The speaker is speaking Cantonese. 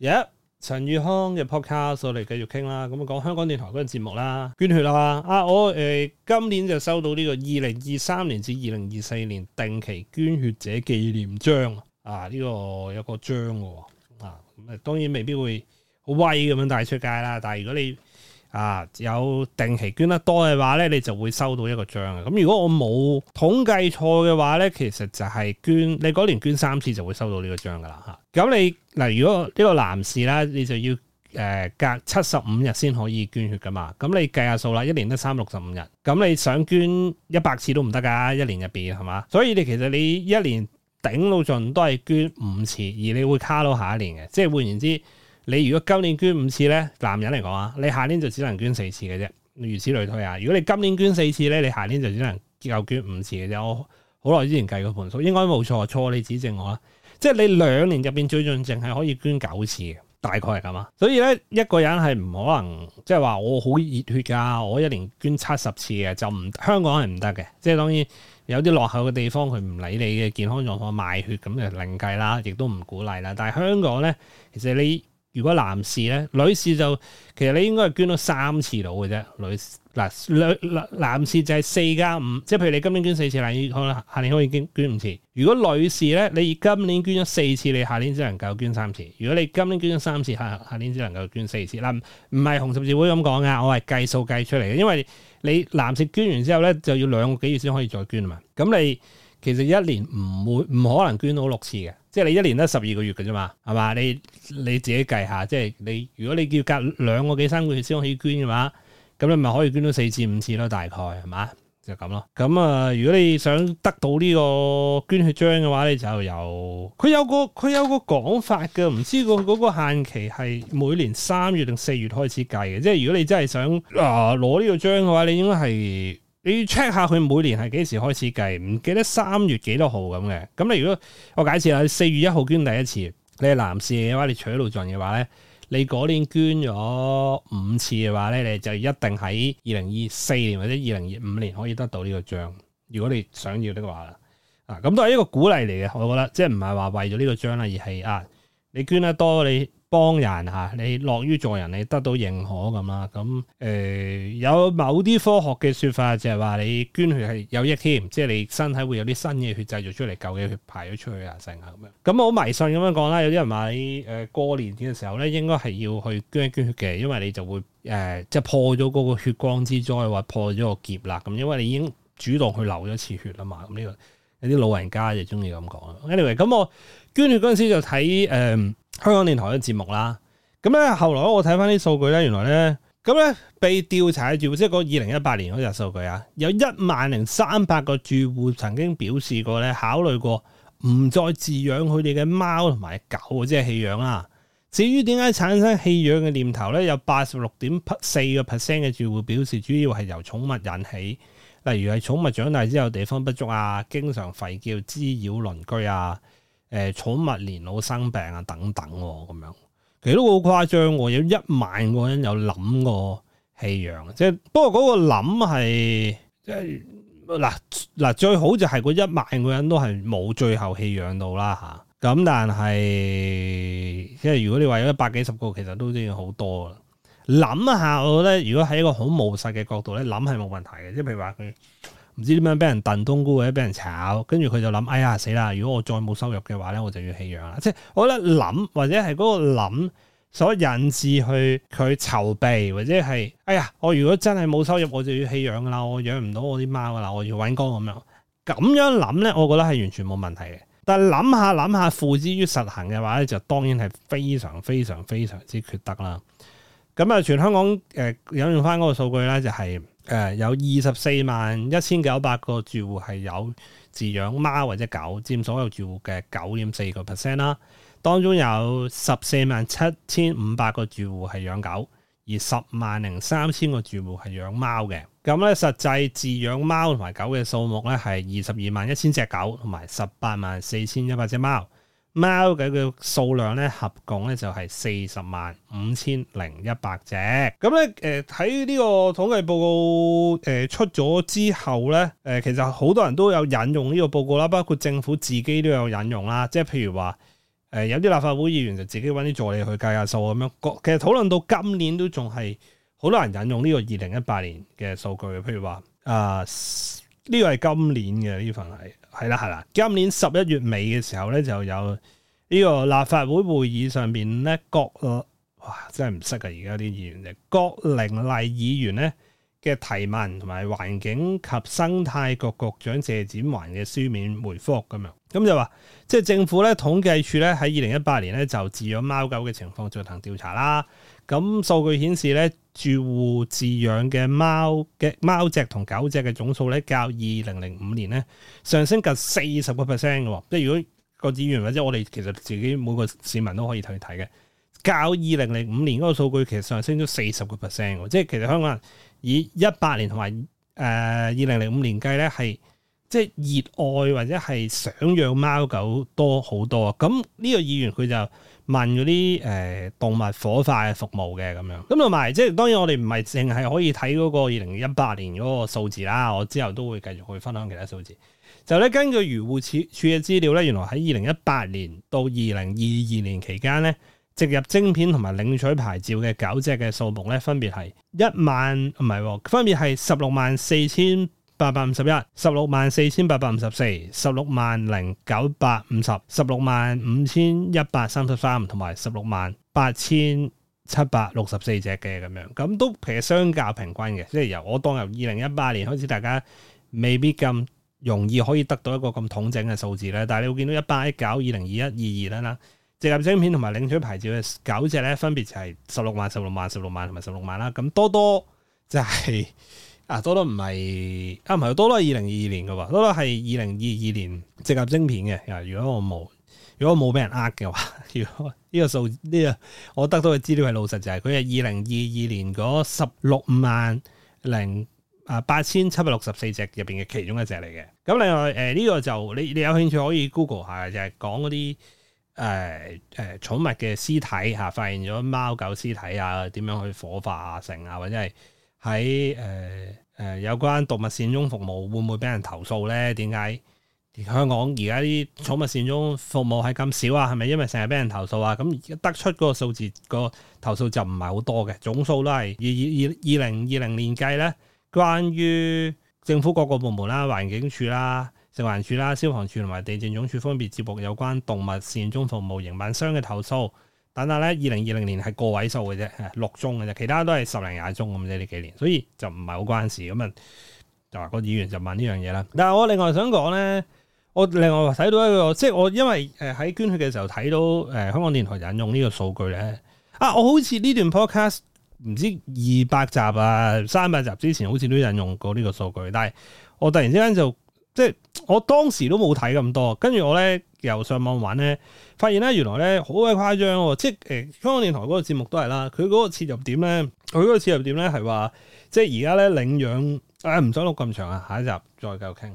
有一、yeah, 陳宇康嘅 podcast，我哋繼續傾啦。咁啊講香港電台嗰個節目啦，捐血啦、啊。啊，我誒、呃、今年就收到呢個二零二三年至二零二四年定期捐血者紀念章啊，呢個有個章嘅喎。啊，咁、這個、啊，啊當然未必會好威咁樣帶出街啦。但係如果你啊，有定期捐得多嘅話咧，你就會收到一個章嘅。咁如果我冇統計錯嘅話咧，其實就係捐你嗰年捐三次就會收到呢個章噶啦吓。咁你嗱，如果呢個男士啦，你就要誒、呃、隔七十五日先可以捐血噶嘛。咁你計下數啦，一年得三六十五日。咁你想捐一百次都唔得噶，一年入邊係嘛？所以你其實你一年頂到盡都係捐五次，而你會卡到下一年嘅。即係換言之。你如果今年捐五次咧，男人嚟講啊，你下年就只能捐四次嘅啫。如此類推啊。如果你今年捐四次咧，你下年就只能夠捐五次嘅啫。我好耐之前計過盤數，應該冇錯，錯你指正我啦，即係你兩年入邊最盡淨係可以捐九次嘅，大概係咁啊。所以咧，一個人係唔可能，即係話我好熱血㗎，我一年捐七十次嘅就唔，香港係唔得嘅。即係當然有啲落後嘅地方佢唔理你嘅健康狀況賣血，咁就另計啦，亦都唔鼓勵啦。但係香港咧，其實你如果男士咧，女士就其實你應該係捐咗三次到嘅啫。女嗱女男士就係四加五，5, 即係譬如你今年捐四次，下年可下年可以捐捐五次。如果女士咧，你今年捐咗四次，你下年只能夠捐三次。如果你今年捐咗三次，下下年只能夠捐四次。嗱、呃，唔唔係紅十字會咁講噶，我係計數計出嚟嘅，因為你男士捐完之後咧，就要兩個幾月先可以再捐啊嘛。咁你。其實一年唔會唔可能捐到六次嘅，即係你一年得十二個月嘅啫嘛，係嘛？你你自己計下，即係你如果你要隔兩個幾三個月先可以捐嘅話，咁你咪可以捐到四至五次咯，大概係嘛？就咁咯。咁、嗯、啊，如果你想得到呢個捐血章嘅話，你就有佢有個佢有個講法嘅，唔知個嗰個限期係每年三月定四月開始計嘅，即係如果你真係想啊攞呢個章嘅話，你應該係。你要 check 下佢每年係幾時開始計，唔記得三月幾多號咁嘅。咁你如果我解釋下，四月一號捐第一次，你係男士嘅話，你取路盡嘅話咧，你嗰年捐咗五次嘅話咧，你就一定喺二零二四年或者二零二五年可以得到呢個章。如果你想要的話啦，啊咁都係一個鼓勵嚟嘅，我覺得即係唔係話為咗呢個章啦，而係啊你捐得多你。幫人吓，你樂於助人，你得到認可咁啦。咁誒、呃，有某啲科學嘅說法就係話你捐血係有益添，即係你身體會有啲新嘅血製造出嚟，舊嘅血排咗出去啊，成啊咁樣。咁我好迷信咁樣講啦。有啲人話你誒、呃、過年節嘅時候咧，應該係要去捐一捐血嘅，因為你就會誒、呃、即係破咗嗰個血光之災或破咗個劫啦。咁因為你已經主動去流咗次血啦嘛。咁呢、這個有啲老人家就中意咁講啦。Anyway，咁我捐血嗰陣時就睇誒、呃香港電台嘅節目啦，咁咧後來我睇翻啲數據咧，原來咧咁咧被調查嘅住戶，即係嗰二零一八年嗰隻數據啊，有一萬零三百個住戶曾經表示過咧考慮過唔再飼養佢哋嘅貓同埋狗，即係棄養啦。至於點解產生棄養嘅念頭咧，有八十六點四個 percent 嘅住戶表示主要係由寵物引起，例如係寵物長大之後地方不足啊，經常吠叫滋擾鄰居啊。誒、呃、寵物年老生病啊等等咁、啊、樣其實都好誇張喎、啊，有一萬個人有諗過棄養，即、就、係、是、不過嗰個諗係即係嗱嗱最好就係嗰一萬個人都係冇最後棄養到啦嚇。咁、啊、但係即係如果你話有一百幾十個，其實都已經好多啦。諗一下，我覺得如果喺一個好務實嘅角度咧，諗係冇問題嘅，即係譬如話佢。唔知點樣俾人燉冬菇或者俾人炒，跟住佢就諗，哎呀死啦！如果我再冇收入嘅話咧，我就要棄養啦。即係我覺得諗或者係嗰個諗所引致去佢籌備或者係，哎呀，我如果真係冇收入，我就要棄養啦，我養唔到我啲貓啦，我要搵工咁樣。咁樣諗咧，我覺得係完全冇問題嘅。但係諗下諗下，付之於實行嘅話咧，就當然係非常非常非常之缺德啦。咁啊，全香港誒引用翻嗰個數據咧，就係，就係。誒有二十四萬一千九百個住戶係有飼養貓或者狗，佔所有住戶嘅九點四個 percent 啦。當中有十四萬七千五百個住戶係養狗，而十萬零三千個住戶係養貓嘅。咁咧，實際飼養貓同埋狗嘅數目咧，係二十二萬一千隻狗同埋十八萬四千一百隻貓。貓嘅嘅數量咧，合共咧就係、是、四十萬五千零一百隻。咁咧，誒、呃，睇呢個統計報告，誒、呃、出咗之後咧，誒、呃，其實好多人都有引用呢個報告啦，包括政府自己都有引用啦。即係譬如話，誒、呃，有啲立法會議員就自己揾啲助理去計下數咁樣。其實討論到今年都仲係好多人引用呢個二零一八年嘅數據。譬如話，啊，呢個係今年嘅呢份係。係啦係啦，今年十一月尾嘅時候咧，就有呢個立法會會議上邊咧，郭哇真係唔識噶，而家啲議員嚟，郭玲麗議員咧嘅提問同埋環境及生態局局長謝展寰嘅書面回覆咁樣。咁就話，即係政府咧統計處咧喺二零一八年咧就飼養貓狗嘅情況進行調查啦。咁數據顯示咧，住戶飼養嘅貓嘅貓隻同狗隻嘅總數咧，較二零零五年咧上升近四十個 percent 嘅喎。即係如果個議員或者我哋其實自己每個市民都可以去睇嘅，較二零零五年嗰個數據其實上升咗四十個 percent。即係其實香港人以一八年同埋誒二零零五年計咧係。即係熱愛或者係想養貓狗多好多啊！咁呢個議員佢就問嗰啲誒動物火化服務嘅咁樣，咁同埋即係當然我哋唔係淨係可以睇嗰個二零一八年嗰個數字啦，我之後都會繼續去分享其他數字。就咧根據漁護署嘅資料咧，原來喺二零一八年到二零二二年期間咧，植入晶片同埋領取牌照嘅狗隻嘅數目咧，分別係一萬唔係、啊、分別係十六萬四千八百五十一，十六萬四千八百五十四，十六萬零九百五十，十六萬五千一百三十三，同埋十六萬八千七百六十四隻嘅咁樣，咁都其實相較平均嘅，即係由我當由二零一八年開始，大家未必咁容易可以得到一個咁統整嘅數字咧。但係你會見到一八一九二零二一二二啦啦，植入晶片同埋領取牌照嘅九隻咧，分別就係十六萬十六萬十六萬同埋十六萬啦，咁多多就係、是。啊，多多唔係啊，唔係，多多係二零二二年嘅喎，多多係二零二二年植入晶片嘅。啊，如果我冇，如果我冇俾人呃嘅話，如果呢個數呢、呢個我得到嘅資料係老實、就係，就係佢係二零二二年嗰十六萬零啊八千七百六十四隻入邊嘅其中一隻嚟嘅。咁另外誒呢、呃呢個就你你有興趣可以 Google 下，就係、係、講嗰啲誒誒寵物嘅屍體嚇、啊，發現咗貓狗屍體啊，點樣去火化成啊，或者係喺誒。呃誒、呃、有關動物善終服務會唔會俾人投訴呢？點解香港而家啲寵物善終服務係咁少啊？係咪因為成日俾人投訴啊？咁、嗯、得出嗰個數字、嗰個投訴就唔係好多嘅，總數都係二二二零二零年計咧，關於政府各個部門啦、環境署啦、食環署啦、消防處同埋地政總署分別接獲有關動物善終服務營辦商嘅投訴。等下咧，二零二零年係個位數嘅啫，六宗嘅啫，其他都係十零廿宗咁啫，呢幾年，所以就唔係好關事。咁啊，就話個議員就問呢樣嘢啦。但係我另外想講咧，我另外睇到一個，即係我因為誒喺捐血嘅時候睇到誒香港電台引用呢個數據咧。啊，我好似呢段 podcast 唔知二百集啊三百集之前好似都引用過呢個數據，但係我突然之間就。即係我當時都冇睇咁多，跟住我咧又上網玩咧，發現咧原來咧好鬼誇張喎！即係誒香港電台嗰個節目都係啦，佢嗰個切入點咧，佢嗰個切入點咧係話，即係而家咧領養，誒、哎、唔想錄咁長啊，下一集再繼續傾。